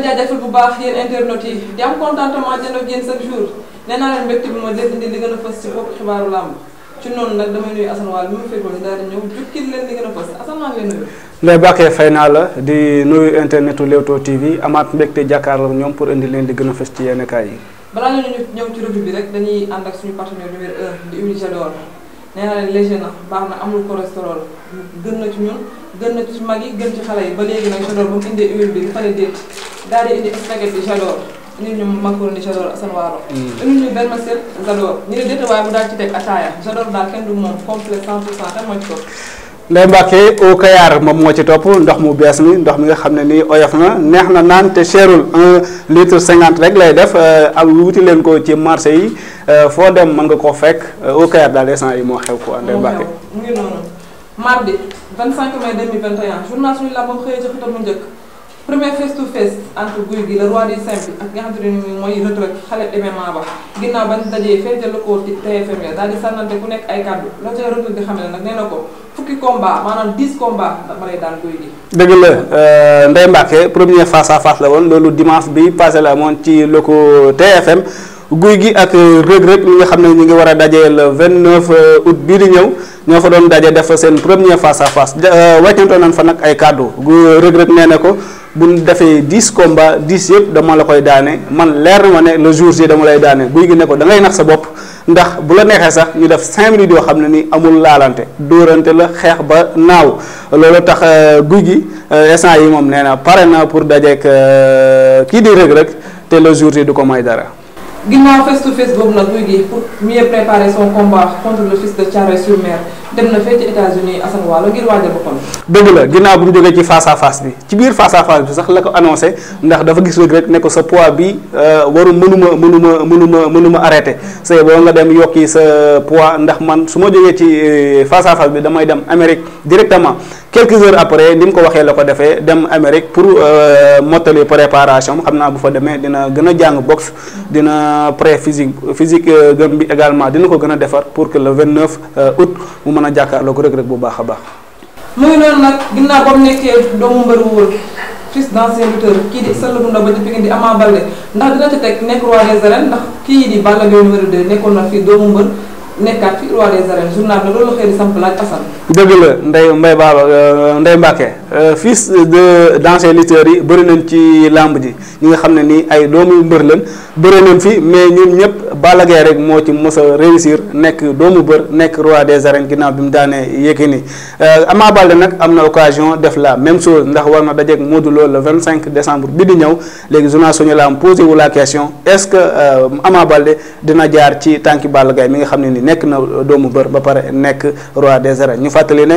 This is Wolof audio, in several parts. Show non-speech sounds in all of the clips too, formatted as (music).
leen jaajëfal bu baax yéen internet yi di am contentement jënd ak yéen chaque jour nee naa leen mbégte bi ma dégg ndi li gën a fës ci xibaaru làmb ci noonu nag damay nuyu Assane Wall mi mu fekkoon ñu daal ñëw jukkil leen li gën a fës Assane maa ngi lay nuyu. Ndeye Bakké naa la di nuyu internetu Leewtoo TV amaat mbégte jàkkaarloo ñoom pour indi leen di gën a fës ci yenn kaay yi. balaa ngeen ñu ñëw ci revue bi rek dañuy ànd ak suñu partenaire nee na leen léger na baax na amul cholestérol gën na ci ñun gën na ci mag yi gën ci xale yi ba léegi nag jador ba mu indee huile bi dafa ne déet daal di indi spaghetti jador indil ñu macaroni jador asan waaro mm. indil ñu vermicelle jador ñu ne déet waaye mu daal ci teg ataaya jador daal kenn du moom complet 100 pour cent te moj ko lay mbàkkee o Kayar moom moo ci topp ndox mu bees mi ndox mi nga xam ne nii oyof na neex na naan te cherul un litre cinquante rek lay def euh, am wuti leen ko ci marché yi euh, foo dem ma nga ko fekk euh, au Kayar daal instant yi moo xew quoi. lay mardi journal suñu labo mu njëkk. premier face to face entre guy gi le roi du simple ak nga xamante ne ni mooy rëdd xale MMA ba ginnaaw bañ dajee fee jël ko ci TFM ya daal di sànnante ku nekk ay kàddu la ca rëdd di xam ne na ko fukki combat maanaam dix combat dama lay daan guy gi. dëgg la euh, Ndeye Mbacke premier face à face la woon loolu dimanche bi passé la amoon ci loko TFM. guy gi ak rëg-rëg ñi nga xam ne ñu ngi war a daje le 29 euh, août bii di ñëw ñoo fa doon daje def seen premier face à euh, fa nag ay kàddu gu rëg ko buñ defee dix combats dix yëpp dama la koy daane man leer na ma ne le jour dama lay daane guy gi ne ko da ngay nax sa bopp ndax bu la neexee sax ñu def cinq minutes yoo xam ne ni amul laalante dóorante la xeex ba naaw loolu tax euh, guy gi euh, instant yi moom nee na pare na pour dajeek euh, kii di rek Reug te le jour du ko may dara. ginnaaw face to face nag guy gi pour mieux préparer son combat contre le fils de Thiaroye sur Mer. dem na fee ci États-Unis ngir waajal boppam. dëgg la ginnaaw bu mu jógee ci face à face bi ci biir face à face bi sax la ko annoncé ndax dafa gis rek rek ne ko sa poids bi euh, waru mënuma mënuma mënuma mënuma arrêté c'est boo nga dem yokki sa poids ndax man su ma jógee ci euh, face à face bi damay dem Amérique directement quelques heures après ni mu ko waxee la ko defee dem Amérique pour euh, mottali préparation xam naa bu fa demee dina gën a jàng boxe dina pré physique physique bi également dina ko gën a defar pour que le 29 mën a jàkkaarloog Reug Reug bu baax a baax. mu ngi noonu nag ginnaaw ba mu nekkee doomu mbër wóor fils d'ancien lutteur kii di Sa Loum Ndaw ba ci Pikine di Ama Baldé ndax dina ci teg nekk roi des arènes ndax kii di Balla Gaye numéro 2 nekkoon na fii doomu mbër nekkaat fii roi des arènes journal bi loolu xëy na samp laaj Assane. dëgg la Ndeye Mbaye Ba Ndeye euh, Mbacke Euh, fils de d'anciens lutteurs yi bëri nañ ci làmb ji ñi nga xam ne nii ay doomu mbër lañ bëri nañ fi mais ñun ñëpp Balla rek moo ci mos réussir nekk doomu bër nekk roi des arènes ginnaaw bi mu daanee Yékini euh, Ama Baldé nag am na occasion def la même chose ndax war na dajeek Modou Lo vingt cinq décembre bi di ñëw léegi journal suñu la am posé la question est-ce que euh, Ama Baldé dina jaar ci tànki Balla Gaye mi nga xam ne ni nekk na doomu bër ba pare nekk roi des arènes ñu fàttali ne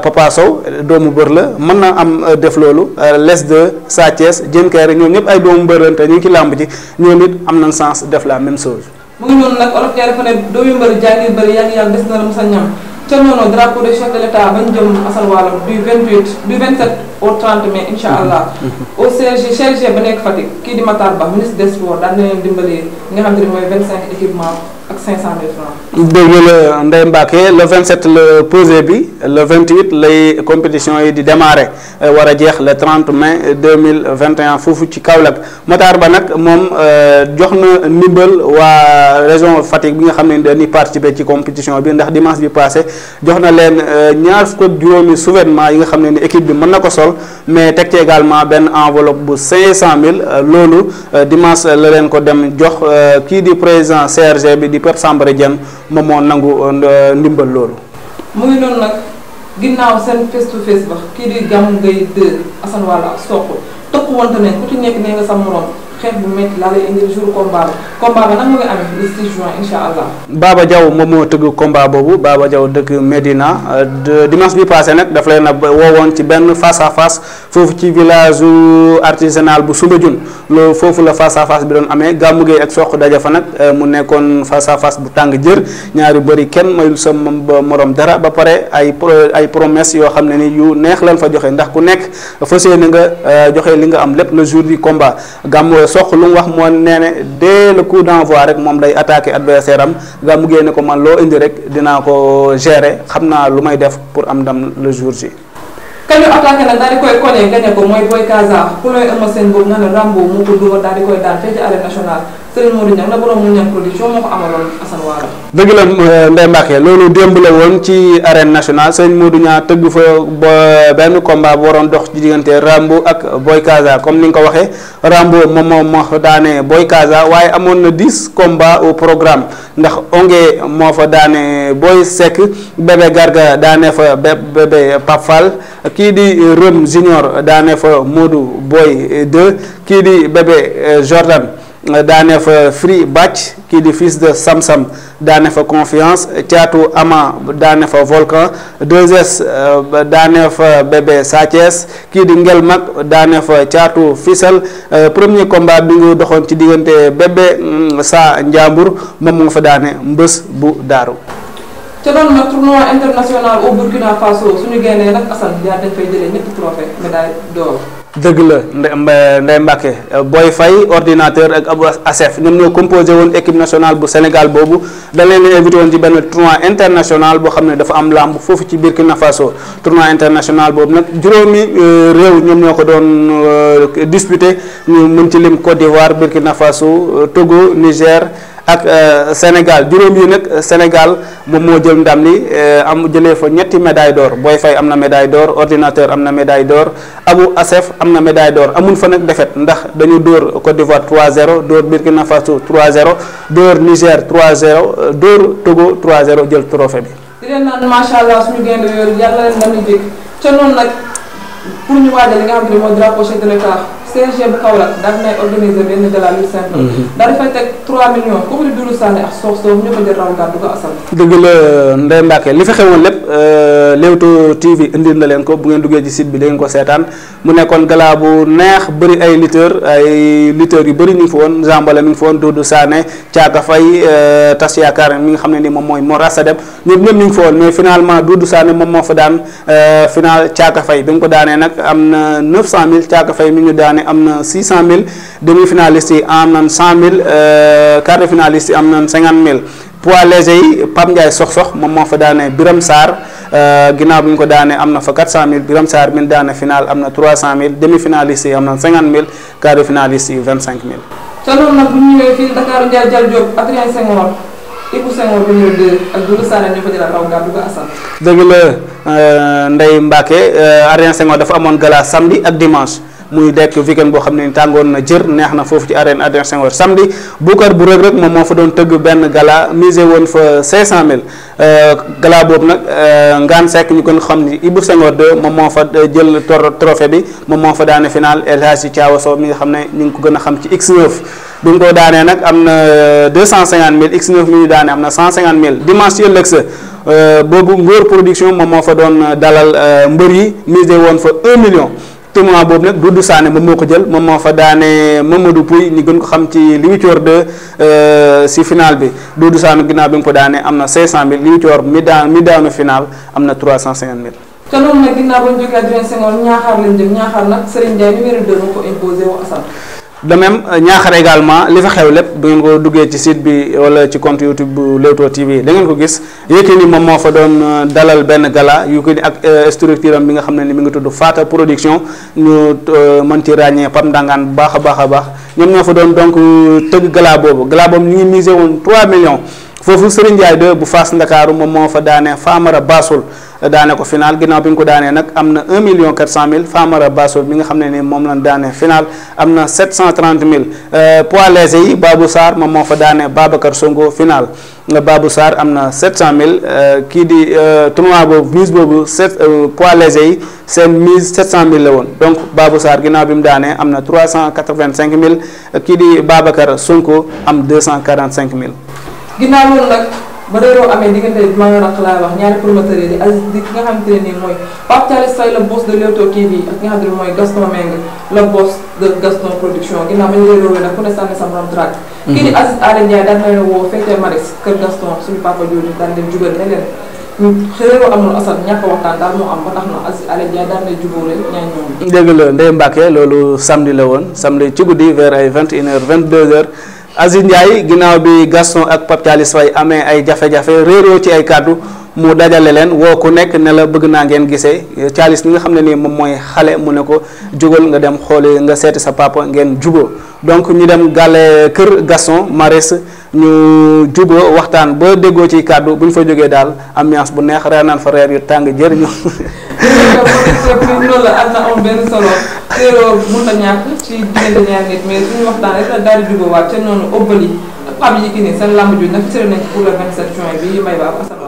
Papa Sow doomu bër la. mën naa am euh, def loolu euh, les de Sa Thiès Diène Kaïré ñoom ñëpp ay doomu mbërante ñu ngi ci làmb ji ñoom it am nañ sens def la même chose. mu ngi noonu nag olof jaaree fa ne doomu mbër jàngi mbër yàgg yàlla des na la musa ñam ca noonu drapeau de chef de l'État bañ jëm asal wàllam du 28 du 27 au 30 mai incha allah. Mhm. au CRG CRG ba nekk Fatick kii di Matar Ba ministre des sports daan na leen dimbalee nga xam ne ne mooy 25 équipement. de 500000 francs. dégg la euh, Ndeye Mbacke le 27 le posé bi le 28 lay compétition yi di démarrer euh, war a jeex le 30 mai 2021 foofu ci Kaolack Matar Ba nag moom euh, jox na ndimbal waa région Fatick bi nga xam ne ni participer ci compétition bi ndax dimanche bi passé jox na leen ñaar fukk ak juróomi souverainement yi nga xam ne ni équipe bi mën na ko sol mais teg ci également benn enveloppe bu 500000 loolu dimanche la leen ko dem jox kii di président CRG bi. di Père Sambara Dieng moom moo nangu euh, ndimbal loolu. mu ngi noonu nag ginnaaw seen face to face ba kii di Gamou Gueye 2 Assane Wala ak Sokh tëkkuwante nañ ku ci nekk nee nga sa morom. xeex bu métti laa lay indil jour combat bi combat nag mu ngi amee le 6 allah. Baba Diaw moom moo tëgg combat boobu Baba Diaw dëkk Medina dimanche bi passé nag daf leen a woowoon ci benn face à face foofu ci village artisanal bu Soumbédioune loolu foofu la face à face bi doon amee gàmmu gee ak soq daja fa nag eh, mu nekkoon face à face bu tàng jër ñaari bëri kenn mayul sa morom dara ba pare ay ay promesse yoo xam ne nii yu neex lan fa joxe ndax ku nekk fas yéene nga eh, li nga am lépp le soq lu wax moo nee ne dès le coup d'envoi rek moom day attaqué adversaire am nga mu génne ko man loo indi rek dinaa ko gérer xam naa lu may def pour am ndam le jour ji. kañu attaqué nag daal koy kone nga ne ko mooy Boy Kaza ku looy Eumeu Sène boobu nga ne Rambo mu ko duma daal di koy daal fee ci arène nationale. Serigne la mu Niang dëgg la Ndeye euh, Mbacke loolu démb la woon ci arène national Serigne Modou ñaar tëgg fa ba benn combat bu waroon dox ci diggante Rambo ak Boy Kaza comme ni nga ko waxee Rambo moom moo moo daane Boy Kaza waaye amoon na dix combats au programme ndax Ongué moo fa daane Boy Seck bébé Garga daane fa bébé Pape Fall kii di Rëm Junior daane fa Modou Boy 2 kii di bébé euh, Jordan. daane fa Free Batch kii di fils de Samsam daane fa Confiance Thiatou Ama daane fa Volcan 2S euh, daane fa bébé Sathiès kii di Ngel Mag daane fa Thiatou Fissel euh, premier combat bi nga doxoon ci diggante bébé mm, sa Ndiambour moom mu nga fa daane mbës bu daaru ca doon nag tournoi international au Burkina Faso suñu génnee nag Assane jaar dañ fay jëlee ñetti trophée médaille d'or dëgg la Ndeye Mbacke Boy Faye ordinateur ak Abou Assef ñoom ñoo composé woon équipe nationale bu Sénégal boobu da leen a woon ci benn tournoi international boo xam ne dafa am làmb foofu ci Burkina Faso tournoi international boobu nag juróomi euh, réew ñoom ñoo ko doon euh, disputé ñu mën ci lim Côte d'Ivoire Burkina Faso euh, Togo Niger. ak euh, Sénégal juróom yi nag euh, Sénégal moom moo jël ndam li euh, am jëlee fa ñetti médaille d'or Boy Faye am na médaille door ordinateur am na médaille d'or Abou Assef am na médaille door amun fa nag defet ndax dañu dóor Côte d'Ivoire 3-0 dóor Burkina Faso trois 0 dóor Niger 3-0 dóor Togo 3-0 jël trophée bi. di leen naan macha allah suñu gaynde yooyu yàlla leen ndam li ca noonu nag pour ñu waajal li nga xam ne mooy drapeau chef de CGM Kaolack daal nay organiser benn gala lutte simple. Mhm. daal di fay teg 3 millions euh, na leen ko bu ngeen duggee ci site bi da ko seetaan mu nekkoon gala bu neex bari ay lutteurs ay lutteurs yu bari ñu fa woon Zambale mi ngi fa woon Doudou Sané Thiaka Faye euh, Tas Yaakaar mi nga xam ne ni moom mooy Mor Asadem ñoom ñëpp ñu ngi fa woon mais finalement Doudou Sané moom moo fa daan euh, final Thiaka fay bi mu ko daanee nag am na 900000 Thiaka Faye mi ñu daane ne am na 600000 demi-finalistes yi am nañ 100000 mille euh, de finalistes yi am nañ 50000 poids léger yi Pape Ndiaye sox-sox moom moo fa daane Biram Sarr euh, ginnaaw bi ñu ko daane am na fa 400000 Biram Sarr mi daane final am na 300000 demi-finalistes yi am nañ 50000 quart de finalistes yi 25000. ca loolu nag bu ñu ñëwee fii Dakar Ndiaye Diallo Diop Adrien Senghor Ibou Senghor bi ñu dee ak Doudou ko Assane. dëgg la euh, Ndeye Mbacke Adrien dafa amoon ak dimanche. muy dekk weekend boo xam ne ni tàngoon na jër neex na foofu ci arène Adrien Senghor samedi Boucar bu Reug Reug moom moo fa doon tëgg benn gala misé woon fa 500000 euh, gala boobu nag euh, Ngane Seck ñu gën xam ni Ibou moom moo fa euh, jël trophée bi moom moo fa daane final El Hadji mi nga xam ne ñu ngi ko gën a xam ci X9 bi mu ko daanee nag am na 250000 X9 mi ñu daanee am na 150000 dimanche ci ëllëg sa boobu production moom moo fa doon dalal mbër yi misé woon fa 1 million. témoin boobu nag Doudou Sané moom moo ko jël moom moo fa daane Mamadou Pouy ñu gën ko xam ci li huitièmes de euh, si final bi du Sané ginnaaw bi mu ko daanee am na 500000 li huitièmes mi daan mi daanu final am na 350000. te loolu nag ginnaaw ba ñu jógee Adrien Senghor ñaaxaar lañ jëm ñaaxaar nag Serigne Ndiaye numéro 2 moo ko imposé wu Assane. de même également li fa xew lépp du ngeen ko duggee ci site bi wala ci compte YouTube bu Leewtoo TV da ngeen ko gis ni moom moo fa doon euh, dalal benn gala Yékini ak euh, structure bi nga xam ne ni mi ngi tudd Faata production ñu euh, mën ci ràññee Pam Ndangaan bu baax a baax a baax ñoom ñoo fa doon donc tëgg gala boobu gala boobu ñu ngi misé woon 3 millions. foofu Serigne Ndiaye 2 bu faas Ndakaaru moom moo fa daane faamara baasul eh, daane ko final ginnaaw bi nga ko daanee nag am na 1 million 400 mille Famara Basul bi nga xam ne ni moom lañ daane final am na 730 mille eh, poids léger yi Babou Sarr moom moo fa daane Babacar Songo final eh, Babou Sarr am na 700 mille kii di tournoi boobu mise boobu 7 poids léger yi seen mise 700 mille la woon donc baabu Sarr ginnaaw bi mu daanee am na 385 mille kii di Babacar Sonko am 245 mille. ginnaaw loolu nag ba réeroo amee diggante maa ngi raq laa wax ñaari promoteurs yi di Aziz di mooy Pape Thialis Faye la boss mooy Gaston Mbengue la boss de Production ginnaaw bañ sa morom track mhm. kii di Aziz Aly Ndiaye daan na leen woo fekkee Maris kër ba tax na Aziz Aly Ndiaye daan na jubóole ñaan ñoom. dégg la Ndeye loolu samedi la woon samedi ci guddi vers ay vingt et une vingt deux heures. Aziz Ndiaye ginnaaw bi Gaston ak Pape Thialis Faye amee ay jafe-jafe réeroo ci ay kàddu mu dajale leen woo ku nekk ne la bëgg naa ngeen gise caalis mi nga xam ne nii moom mooy xale mu ne ko jógal nga dem xooli nga seeti sa papa ngeen jubo donc ñu dem gàlle kër Gaston Maris ñu juboo waxtaan ba déggoo ci kàddu bu ñu fa jógee daal ambiance bu neex reer naan fa reer yu tàng jër ñu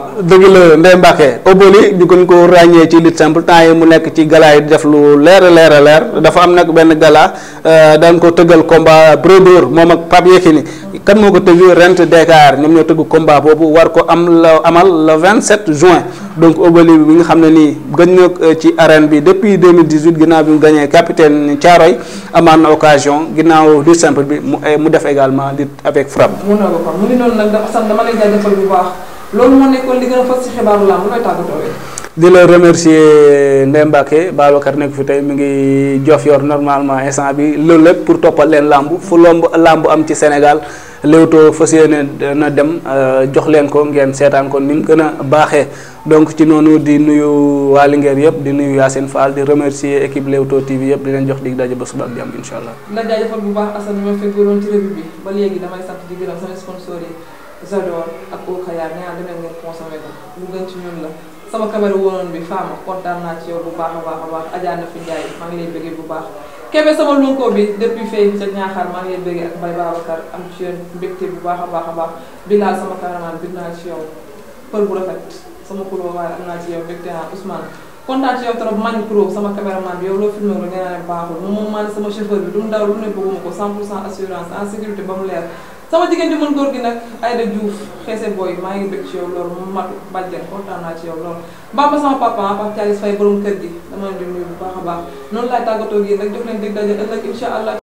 (laughs) dëgg la Ndeye Mbacke Oboli ñu gën ko ràññee ci lutte simple temps yi mu nekk ci gala yi def lu leer a leer leer dafa am nag benn gala euh, daan ko tëggal combat Brodeur moom ak Pape Yekini kan moo ko tëgg Rent Dakar ñoom ñoo tëgg combat boobu war ko am la amal le 27 juin donc Oboli bi nga xam ne ni gën na euh, ci arène bi depuis 2018 ginnaaw bi mu gagné capitaine Thiaroy amaan na occasion ginnaaw lutte simple bi mu euh, mu def également lutte avec frappe. loolu moo nekkoon li gën a fas ci xibaaru làmb looy tàggatoo di la remercier Ndeye Mbacke Babacar nekk fi tey mi ngi jof yor normalement instant bi loolu lépp pour toppal leen làmb fu lomb làmb am ci Sénégal Leewtoo fas yéene na dem euh, jox leen ko ngeen seetaan ko ni mu gën a baaxee donc ci noonu di nuyu waa Linguère yëpp di nuyu Yacine Fall di remercier équipe Leewtoo TV yëpp di leen jox dig daje ba suba ak jàmm incha allah. la jaajëfal bu baax Assane bi ba Zador ak Okayar ñaar demee ngeen consommé ko lu gën ci la sama caméra wonoon bi Fama kontaan naa yow bu baax a baax a baax Adja Nafi Ndiaye maa ngi lay bëggee bu baax Kébé sama lonko bi depuis fay ca Ñaaxaar maa ngi lay bëggee ak Mbaye Babacar am ci yoon bu baax baax a baax Bilal sama cameraman bi naa ci yow për bu rafet sama kuréel waaye am naa ci yow mbégte naa Ousmane kontaan ci yow trop man pro sama caméraman bi yow loo filmé ko nee baaxul moom moom man sama chauffeur bi du mu daw lu ne bëgguma ko 100 pour cent assurance en sécurité ba mu leer sama jigéen di mën góor gi nag Aïda Diouf xeese booy maa ngi bëgg ci yow loolu mu matu bàjjen kontaan naa ci yow loolu Bamba sama papa Pape Thialis Faye borom kër gi dama leen di nuyu bu baax a baax noonu laay tàggatoo gi nag jox leen dig daje ëllëg incha allah